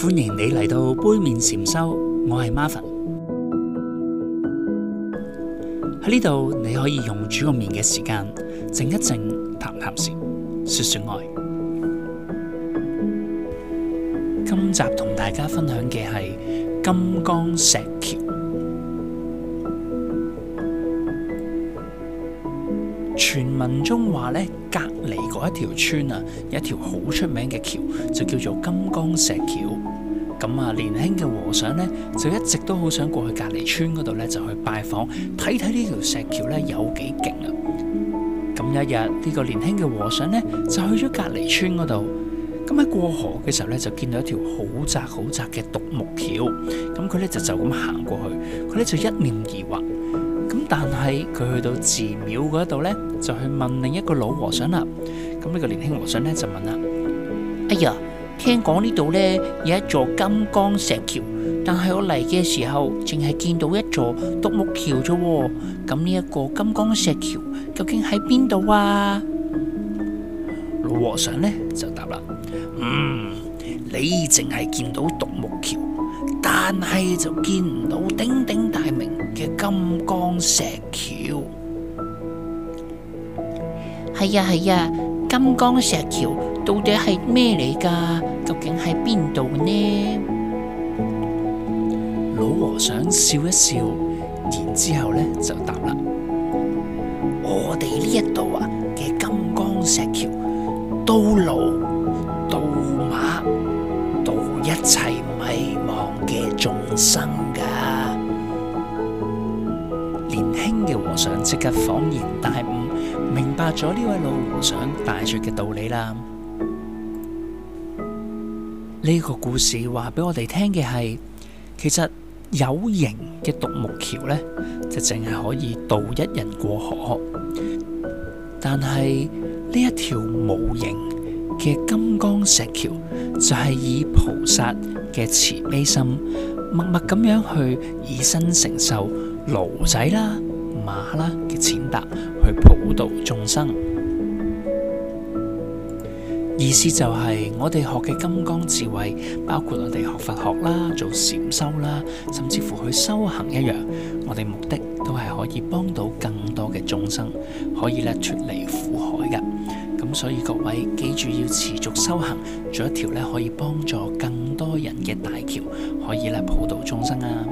歡迎你嚟到杯麵禪修，我係 Marvin。喺呢度你可以用煮個麵嘅時間靜一靜，談談事，說說愛。今集同大家分享嘅係金剛石橋。傳聞中話呢隔離嗰一條村啊，有一條好出名嘅橋，就叫做金剛石橋。咁啊，年輕嘅和尚呢，就一直都好想過去隔籬村嗰度呢，就去拜訪，睇睇呢條石橋呢，有幾勁啊！咁有一日呢，呢個年輕嘅和尚呢，就去咗隔籬村嗰度。咁喺過河嘅時候呢，就見到一條好窄好窄嘅獨木橋。咁佢呢，就就咁行過去，佢呢，就一念疑惑。咁但係佢去到寺廟嗰度呢，就去問另一個老和尚啦。咁呢個年輕和尚呢，就問啦：哎呀！聽講呢度呢，有一座金剛石橋，但係我嚟嘅時候淨係見到一座獨木橋啫。咁呢一個金剛石橋究竟喺邊度啊？老和尚呢就答啦：嗯，你淨係見到獨木橋，但係就見唔到鼎鼎大名嘅金剛石橋。係呀係呀，金剛石橋。到底係咩嚟噶？究竟喺邊度呢？老和尚笑一笑，然之後咧就答啦：我哋呢一度啊嘅金剛石橋，度路度馬度一切迷茫嘅眾生噶。年輕嘅和尚即刻恍然大悟，明白咗呢位老和尚大絕嘅道理啦。呢、這個故事話俾我哋聽嘅係，其實有形嘅獨木橋呢，就淨係可以渡一人過河，但係呢一條無形嘅金剛石橋，就係、是、以菩薩嘅慈悲心，默默咁樣去以身承受驢仔啦、馬啦嘅踐踏，去普渡眾生。意思就係我哋學嘅金剛智慧，包括我哋學佛學啦，做禪修啦，甚至乎去修行一樣，我哋目的都係可以幫到更多嘅眾生，可以咧脫離苦海㗎。咁所以各位記住要持續修行，做一條咧可以幫助更多人嘅大橋，可以咧普渡眾生啊！